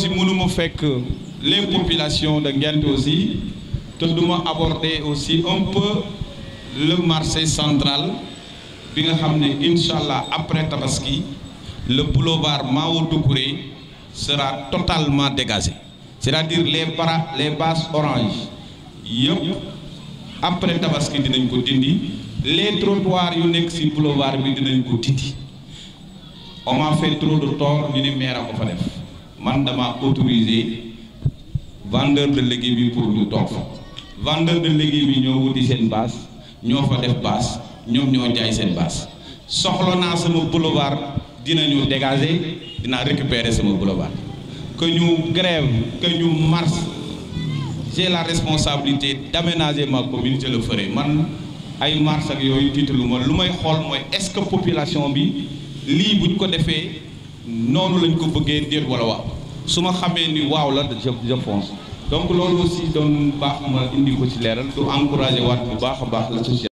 si mënuma fekk les populations de ngente aussi te duma aborder aussi un peu le marché centrale bi nga xam ne incha allah après Tabaski le boulevard Mao Doucouré sera totalement dégagé c'est-à-dire les para les bases oranges yëpp après Tabaski dinañ ko dindi les trottoirs yu nekk ci boulevard bi dinañ ko dindi on m'a fait trop de tort ñu ni maire ko fa def man dama autorisé vendeur de légumes yi pour ñu toog fa vendeur de légumes yi ñoo wuti seen bâche ñoo fa def bâche ñoom ñoo jaay seen bâche soxla naa sama boulevard dinañu dégager dinaa récupérer sama boulevard que ñu grève que ñu marche j'ai la responsabilité d'aménager ma commune je le ferai man ay marche ak yooyu tiitalu ma lu may xool mooy est-ce que population bi lii buñ ko defee noonu lañ ko bëggee déet wala waaw su ma xamee ni waaw la je je fonce donc loolu aussi doon baax ma indi ko ci leeral du encouragé waat bu baax a baax la société